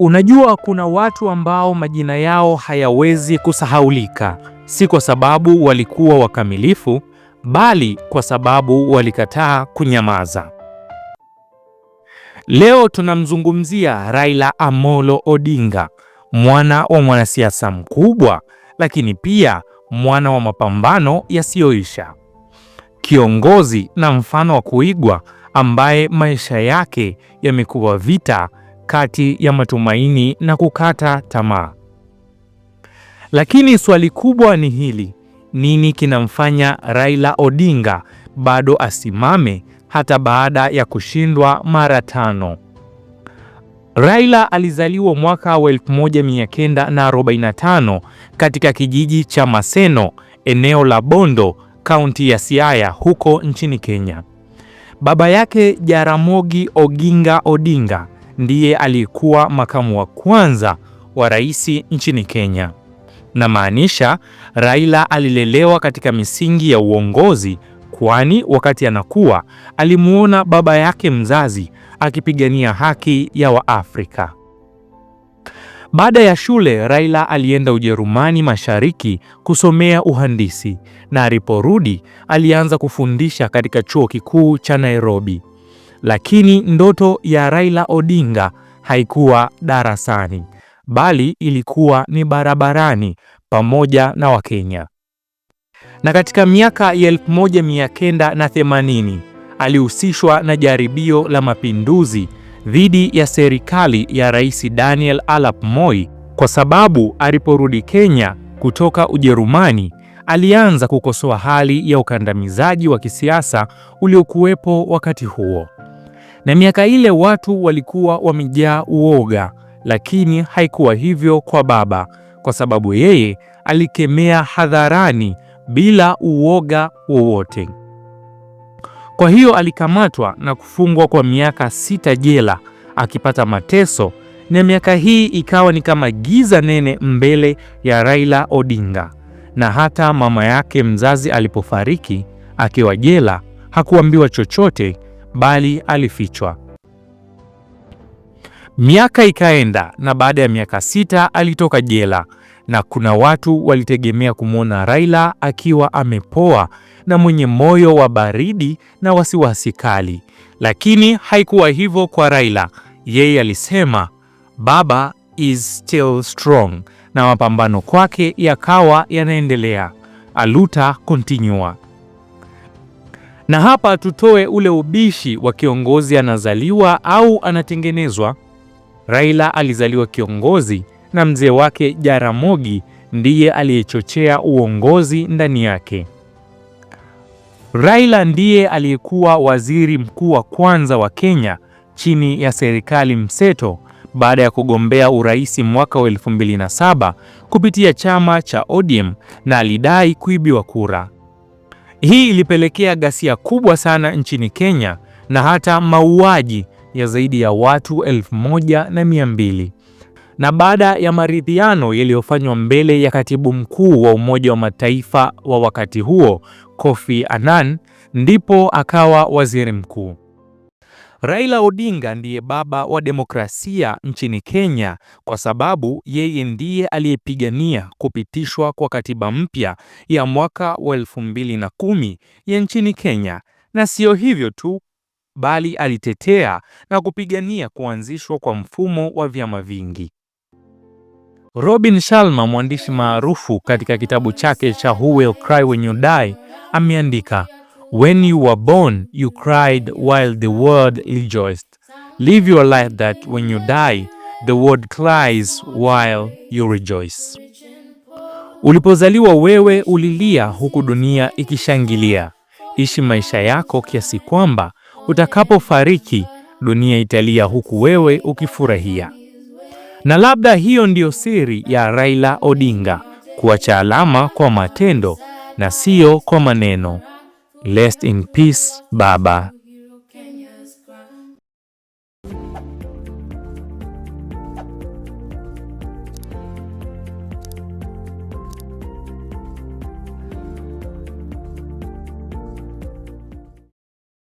Unajua, kuna watu ambao majina yao hayawezi kusahaulika, si kwa sababu walikuwa wakamilifu, bali kwa sababu walikataa kunyamaza. Leo tunamzungumzia Raila Amolo Odinga, mwana wa mwanasiasa mkubwa, lakini pia mwana wa mapambano yasiyoisha, kiongozi na mfano wa kuigwa ambaye maisha yake yamekuwa vita kati ya matumaini na kukata tamaa. Lakini swali kubwa ni hili: nini kinamfanya Raila Odinga bado asimame hata baada ya kushindwa mara tano? Raila alizaliwa mwaka wa 1945 katika kijiji cha Maseno, eneo la Bondo, kaunti ya Siaya huko nchini Kenya. Baba yake Jaramogi Oginga Odinga ndiye alikuwa makamu wa kwanza wa rais nchini Kenya. Na maanisha Raila alilelewa katika misingi ya uongozi, kwani wakati anakuwa alimuona baba yake mzazi akipigania haki ya Waafrika. Baada ya shule, Raila alienda Ujerumani Mashariki kusomea uhandisi na aliporudi alianza kufundisha katika chuo kikuu cha Nairobi. Lakini ndoto ya Raila Odinga haikuwa darasani, bali ilikuwa ni barabarani pamoja na Wakenya. Na katika miaka ya 1980 alihusishwa na jaribio la mapinduzi dhidi ya serikali ya Rais Daniel Arap Moi kwa sababu aliporudi Kenya kutoka Ujerumani alianza kukosoa hali ya ukandamizaji wa kisiasa uliokuwepo wakati huo. Na miaka ile watu walikuwa wamejaa uoga, lakini haikuwa hivyo kwa Baba, kwa sababu yeye alikemea hadharani bila uoga wowote. Kwa hiyo alikamatwa na kufungwa kwa miaka sita jela akipata mateso, na miaka hii ikawa ni kama giza nene mbele ya Raila Odinga. Na hata mama yake mzazi alipofariki akiwa jela hakuambiwa chochote, bali alifichwa. Miaka ikaenda na baada ya miaka sita alitoka jela na kuna watu walitegemea kumwona Raila akiwa amepoa na mwenye moyo wa baridi na wasiwasi kali, lakini haikuwa hivyo kwa Raila. Yeye alisema baba is still strong, na mapambano kwake yakawa yanaendelea. Aluta continua. Na hapa tutoe ule ubishi wa kiongozi anazaliwa au anatengenezwa. Raila alizaliwa kiongozi na mzee wake Jaramogi ndiye aliyechochea uongozi ndani yake. Raila ndiye aliyekuwa waziri mkuu wa kwanza wa Kenya chini ya serikali mseto baada ya kugombea urais mwaka wa 2007 kupitia chama cha ODM na alidai kuibiwa kura. Hii ilipelekea ghasia kubwa sana nchini Kenya na hata mauaji ya zaidi ya watu elfu moja na mia mbili. Na baada ya maridhiano yaliyofanywa mbele ya katibu mkuu wa Umoja wa Mataifa wa wakati huo, Kofi Annan, ndipo akawa waziri mkuu. Raila Odinga ndiye baba wa demokrasia nchini Kenya kwa sababu yeye ndiye aliyepigania kupitishwa kwa katiba mpya ya mwaka wa kumi ya nchini Kenya, na siyo hivyo tu bali alitetea na kupigania kuanzishwa kwa mfumo wa vyama vingi. Robin Sharma, mwandishi maarufu, katika kitabu chake cha Who Will Cry When You Die, ameandika When you were born, you cried while the world rejoiced. Live your life that when you die, the world cries while you rejoice. Ulipozaliwa wewe ulilia huku dunia ikishangilia. Ishi maisha yako kiasi kwamba utakapofariki dunia italia huku wewe ukifurahia. Na labda hiyo ndiyo siri ya Raila Odinga, kuacha alama kwa matendo na sio kwa maneno. Rest in peace baba.